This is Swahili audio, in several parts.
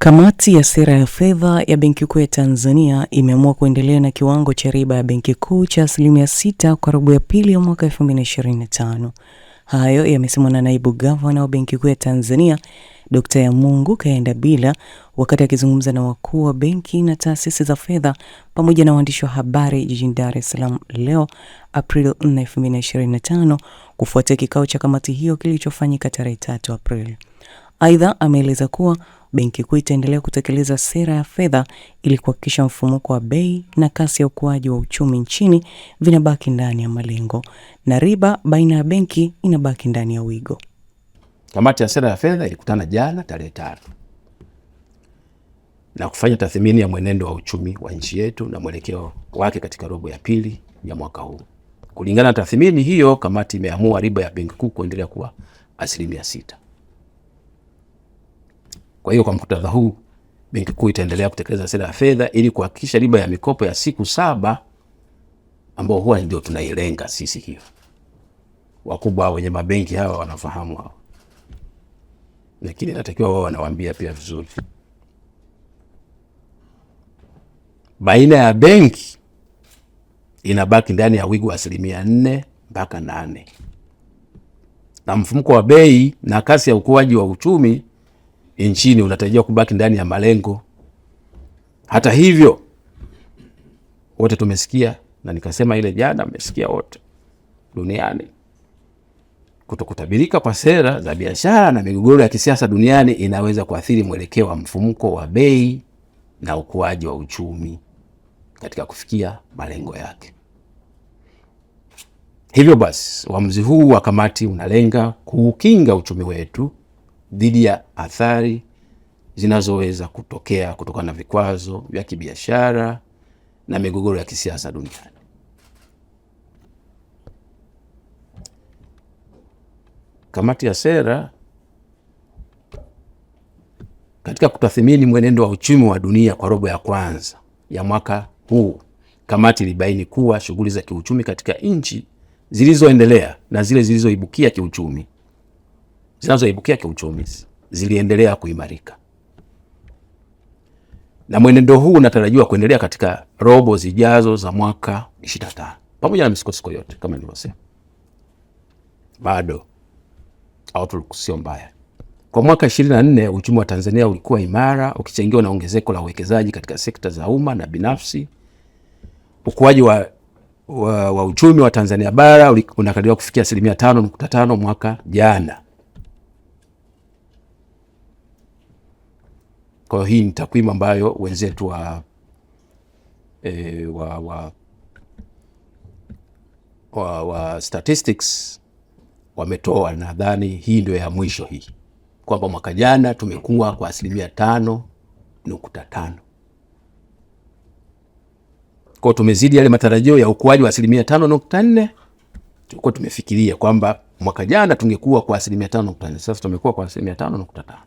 Kamati ya Sera ya Fedha ya Benki Kuu ya Tanzania imeamua kuendelea na kiwango cha riba ya benki kuu cha asilimia sita kwa robo ya pili ya mwaka 2025. Hayo yamesemwa na naibu gavana wa Benki Kuu ya Tanzania Dkt. Yamungu bila wakati akizungumza na wakuu wa benki na taasisi za fedha pamoja na waandishi wa habari jijini Dar es Salaam leo Aprili 4, 2025 kufuatia kikao cha kamati hiyo kilichofanyika tarehe 3 Aprili. Aidha, ameeleza kuwa Benki Kuu itaendelea kutekeleza sera ya fedha ili kuhakikisha mfumuko wa bei na kasi ya ukuaji wa uchumi nchini vinabaki ndani ya malengo na riba baina ya benki inabaki ndani ya wigo. Kamati ya sera ya fedha ilikutana jana tarehe tatu na kufanya tathmini ya mwenendo wa uchumi wa nchi yetu na mwelekeo wake katika robo ya pili ya mwaka huu. Kulingana na tathmini hiyo, kamati imeamua riba ya Benki Kuu kuendelea kuwa asilimia sita. Kwa hiyo kwa muktadha huu, Benki Kuu itaendelea kutekeleza sera ya fedha ili kuhakikisha riba ya mikopo ya siku saba ambao huwa ndio tunailenga sisi. Hiyo wakubwa wenye mabenki hawa wanafahamu hao, lakini natakiwa wao wanawaambia pia vizuri, baina ya benki inabaki ndani ya wigo wa asilimia nne mpaka nane na mfumko wa bei na kasi ya ukuaji wa uchumi nchini unatarajiwa kubaki ndani ya malengo. Hata hivyo, wote tumesikia na nikasema ile jana, mmesikia wote duniani kutokutabirika kwa sera za biashara na migogoro ya kisiasa duniani inaweza kuathiri mwelekeo wa mfumuko wa bei na ukuaji wa uchumi katika kufikia malengo yake. Hivyo basi, uamuzi huu wa kamati unalenga kuukinga uchumi wetu dhidi ya athari zinazoweza kutokea kutokana na vikwazo vya kibiashara na migogoro ya kisiasa duniani. Kamati ya sera katika kutathmini mwenendo wa uchumi wa dunia kwa robo ya kwanza ya mwaka huu, kamati ilibaini kuwa shughuli za kiuchumi katika nchi zilizoendelea na zile zilizoibukia kiuchumi zinazoibukia kiuchumi ziliendelea kuimarika na mwenendo huu unatarajiwa kuendelea katika robo zijazo za mwaka 25 pamoja na misukosuko yote kama nilivyosema, bado outlook sio mbaya. Kwa mwaka 24 uchumi wa Tanzania ulikuwa imara ukichangiwa na ongezeko la uwekezaji katika sekta za umma na binafsi. Ukuaji wa, wa, wa uchumi wa Tanzania bara unakadiriwa kufikia asilimia 5.5 mwaka jana Kwa hiyo hii ni takwimu ambayo wenzetu wa, e, wa, wa, wa, wa statistics wametoa. Nadhani hii ndio ya mwisho hii, kwamba mwaka jana tumekuwa kwa asilimia tano nukta tano kwao, tumezidi yale matarajio ya ukuaji wa asilimia tano nukta nne tulikuwa tumefikiria kwamba mwaka jana tungekuwa kwa asilimia tano nukta nne sasa tumekuwa kwa asilimia tano nukta tano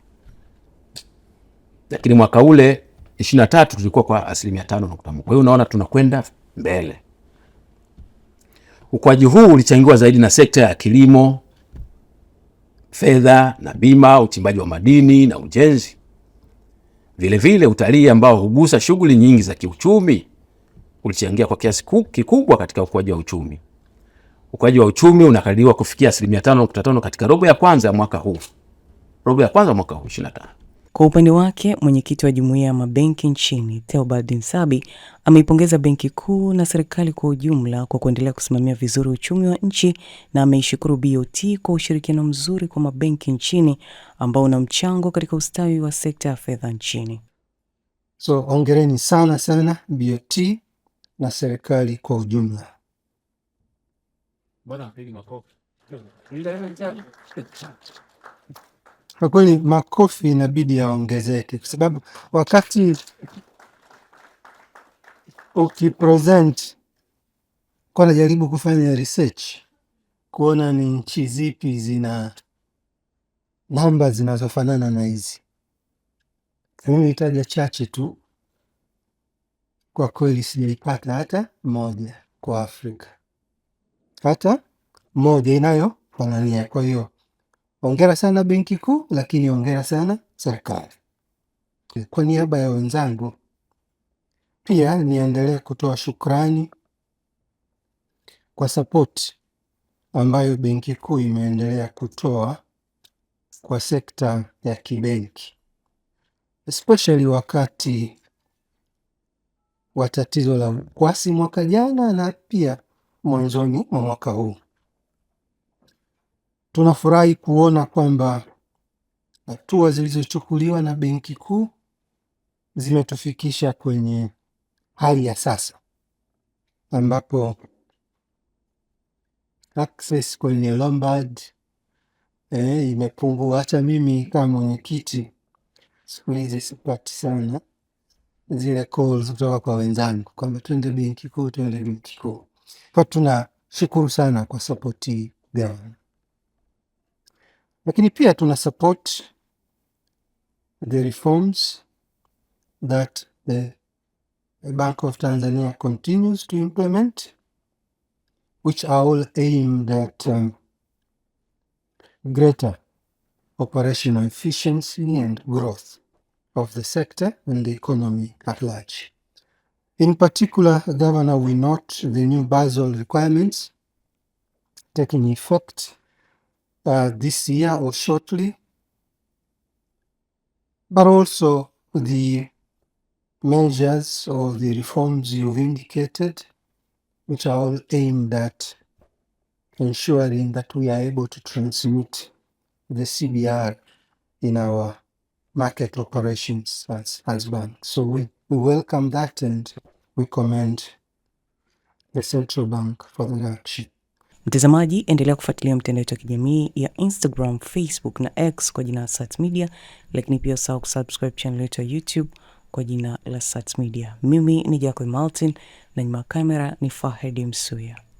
lakini mwaka ule ishirini na tatu tulikuwa kwa asilimia tano nukta moja. Kwa hiyo unaona tunakwenda mbele. Ukuaji huu ulichangiwa zaidi na sekta ya kilimo, fedha na bima, uchimbaji wa madini na ujenzi, vilevile utalii ambao hugusa shughuli nyingi za kiuchumi ulichangia kwa kiasi kikubwa katika ukuaji wa uchumi. Ukuaji wa uchumi unakadiriwa kufikia asilimia tano nukta tano katika robo ya kwanza ya mwaka huu, robo ya kwanza mwaka huu ishirini na tano. Kwa upande wake, mwenyekiti wa jumuiya ya mabenki nchini Theobald Nsabi ameipongeza Benki Kuu na serikali kwa ujumla kwa kuendelea kusimamia vizuri uchumi wa nchi na ameishukuru BoT kwa ushirikiano mzuri kwa mabenki nchini ambao una mchango katika ustawi wa sekta ya fedha nchini. So ongereni sana sana BoT na serikali kwa ujumla. Kwa kweli makofi inabidi yaongezeke, kwa sababu wakati ukipresent kwa, najaribu kufanya research kuona ni nchi zipi zina namba zinazofanana na hizi. Nitaja chache tu, kwa kweli sijaipata hata moja kwa Afrika, hata moja inayofanania. Kwa hiyo Hongera sana Benki Kuu, lakini hongera sana serikali. Kwa niaba ya wenzangu pia niendelee kutoa shukrani kwa sapoti ambayo Benki Kuu imeendelea kutoa kwa sekta ya kibenki especially wakati wa tatizo la ukwasi mwaka jana na pia mwanzoni mwa mwaka huu. Tunafurahi kuona kwamba hatua zilizochukuliwa na Benki Kuu zimetufikisha kwenye hali ya sasa ambapo access kwenye Lombard eh, imepungua. Hata mimi kama mwenyekiti siku hizi sipati sana zile calls kutoka kwa wenzangu kwamba twende benki kuu, twende benki kuu. Kwa tunashukuru sana kwa sapoti gavana lakini pia tuna support the reforms that the Bank of Tanzania continues to implement which are all aimed at um, greater operational efficiency and growth of the sector and the economy at large. In particular, Governor, we note the new Basel requirements taking effect this uh, year or shortly, but also the measures or the reforms you've indicated, which are all aimed at ensuring that we are able to transmit the CBR in our market operations as, as banks. So we, we welcome that and we commend the central bank for the action. Mtazamaji, endelea kufuatilia mitandao yetu ya kijamii ya Instagram, Facebook na X kwa jina la Sat Media, lakini pia usahau kusubscribe channel yetu ya YouTube kwa jina la Sat Media. Mimi ni Jacob Martin na nyuma ya kamera ni Fahedi Msuya.